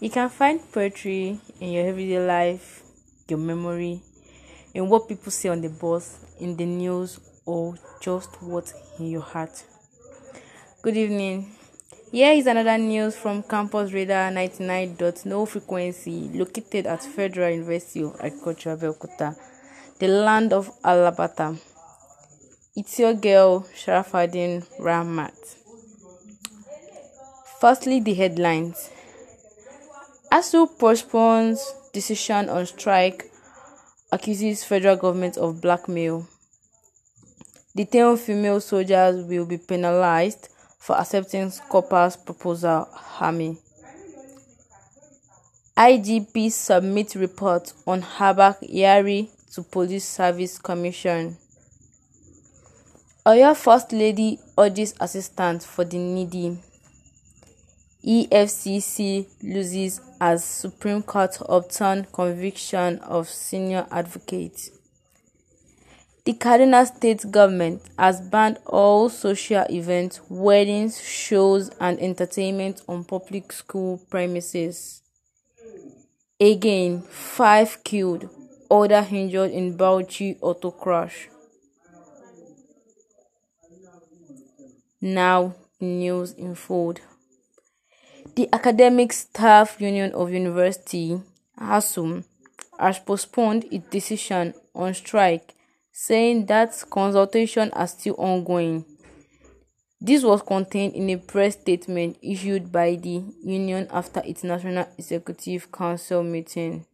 You can find poetry in your everyday life, your memory, in what people say on the bus, in the news, or just what's in your heart. Good evening. Here is another news from Campus Radar 99.no frequency, located at Federal University of Agriculture, Belkota, the land of Alabata. It's your girl, Sharafadin Ramat. Firstly, the headlines. ASU postpones decision on strike, accuses federal government of blackmail. Detained female soldiers will be penalized for accepting Copper's proposal army. IGP submit report on Habak Yari to Police Service Commission. Oya First Lady urges assistance for the needy. EFCC loses as Supreme Court overturned conviction of senior advocate. The Kaduna state government has banned all social events, weddings, shows, and entertainment on public school premises. Again, five killed, other injured in Bauchi auto crash. Now, news in food. The Academic Staff Union of University ASUM has postponed its decision on strike, saying that consultations are still ongoing. This was contained in a press statement issued by the union after its National Executive Council meeting.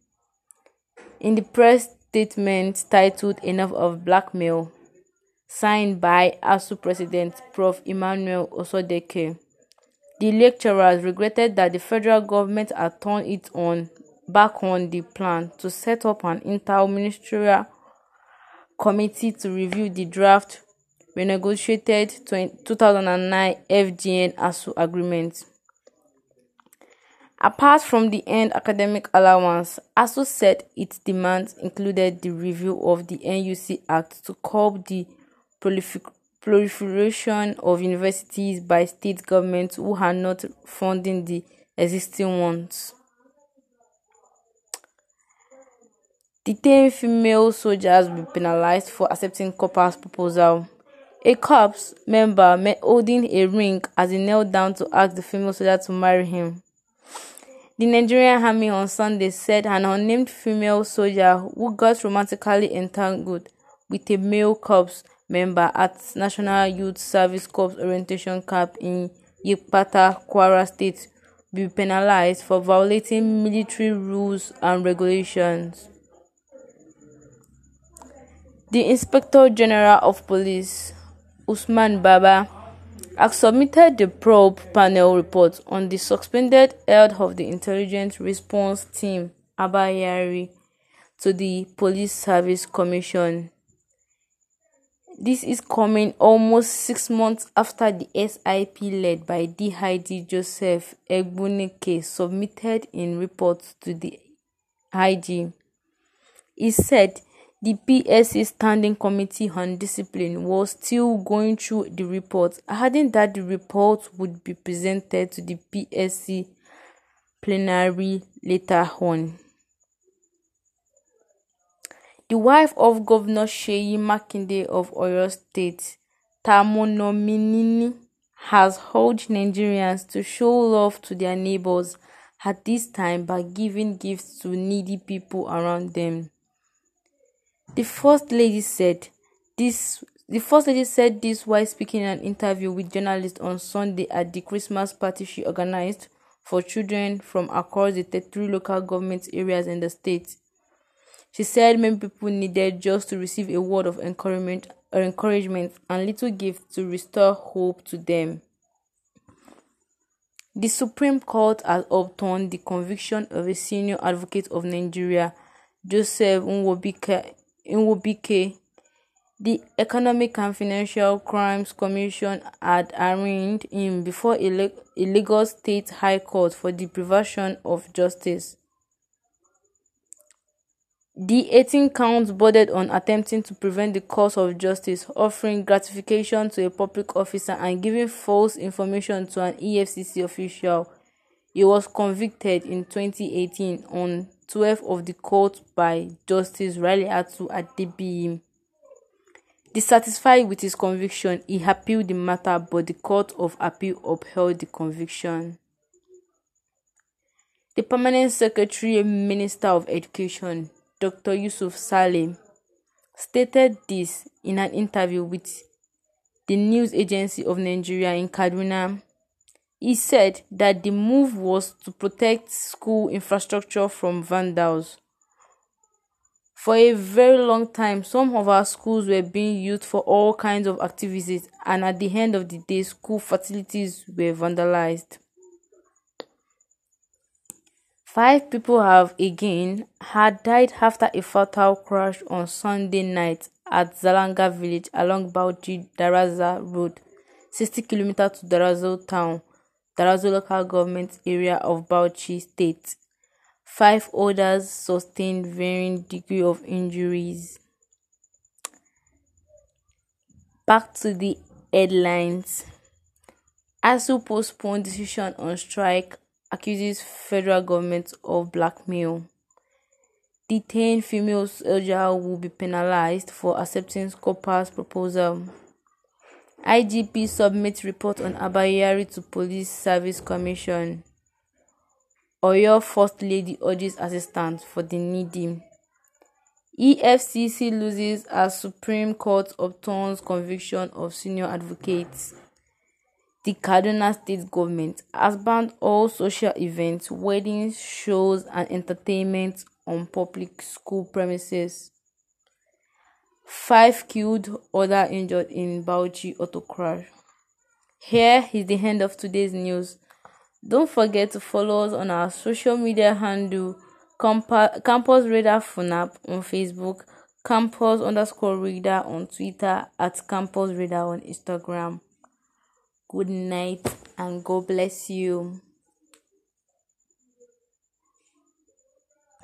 In the press statement titled Enough of Blackmail, signed by ASU President Prof. Emmanuel Osodeke, the lecturers regretted that the federal government had turned it on back on the plan to set up an interministerial committee to review the draft renegotiated 2009 FGN ASU agreement. Apart from the end academic allowance, ASU said its demands included the review of the NUC Act to curb the prolific proliferation of universities by state governments who are not funding the existing ones. Detained female soldiers will be penalized for accepting copas proposal. A COPS member holding a ring as he knelt down to ask the female soldier to marry him. The Nigerian army on Sunday said an unnamed female soldier who got romantically entangled with a male corpse member at National Youth Service Corps orientation camp in Yipata, Kwara State be penalized for violating military rules and regulations. The Inspector General of Police, Usman Baba, has submitted the probe panel report on the suspended head of the Intelligence Response Team, Abayari, to the Police Service Commission. This is coming almost six months after the SIP led by DHD Joseph Egbunike submitted in reports to the IG. He said the PSC Standing Committee on Discipline was still going through the report, adding that the report would be presented to the PSC plenary later on. The wife of Governor Sheyi Makinde of Oyo State, Tamunominini, has urged Nigerians to show love to their neighbors at this time by giving gifts to needy people around them. The first lady said this the first lady said this while speaking in an interview with journalists on Sunday at the Christmas party she organized for children from across the 33 local government areas in the state. She said many people needed just to receive a word of encouragement or encouragement and little gift to restore hope to them. The Supreme Court has overturned the conviction of a senior advocate of Nigeria, Joseph Nwobike. The Economic and Financial Crimes Commission had arraigned him before a, a Lagos State High Court for the privation of justice. The 18 counts bordered on attempting to prevent the course of justice, offering gratification to a public officer, and giving false information to an EFCC official. He was convicted in 2018 on 12 of the court by Justice Riley Atu Adebiyim. Dissatisfied with his conviction, he appealed the matter, but the Court of Appeal upheld the conviction. The Permanent Secretary Minister of Education Dr. Yusuf Salim stated this in an interview with the news agency of Nigeria in Kaduna. He said that the move was to protect school infrastructure from vandals. For a very long time, some of our schools were being used for all kinds of activities, and at the end of the day, school facilities were vandalized. Five people have again had died after a fatal crash on Sunday night at Zalanga village along Bauchi Daraza Road, 60 km to Darazo town, Darazo local government area of Bauchi state. Five others sustained varying degree of injuries. Back to the headlines. ASU postponed decision on strike accuses federal government of blackmail. Detained female soldier will be penalized for accepting Copper's proposal. IGP submits report on Abayari to Police Service Commission. Oyo First Lady urges assistance for the needy. EFCC loses as Supreme Court upturns conviction of senior advocates. The Kaduna state government has banned all social events, weddings, shows, and entertainment on public school premises. Five killed, other injured in Bauchi auto crash. Here is the end of today's news. Don't forget to follow us on our social media handle Campa- Campus Radar FUNAP on Facebook, Campus underscore Radar on Twitter, at Campus Radar on Instagram good night and God bless you.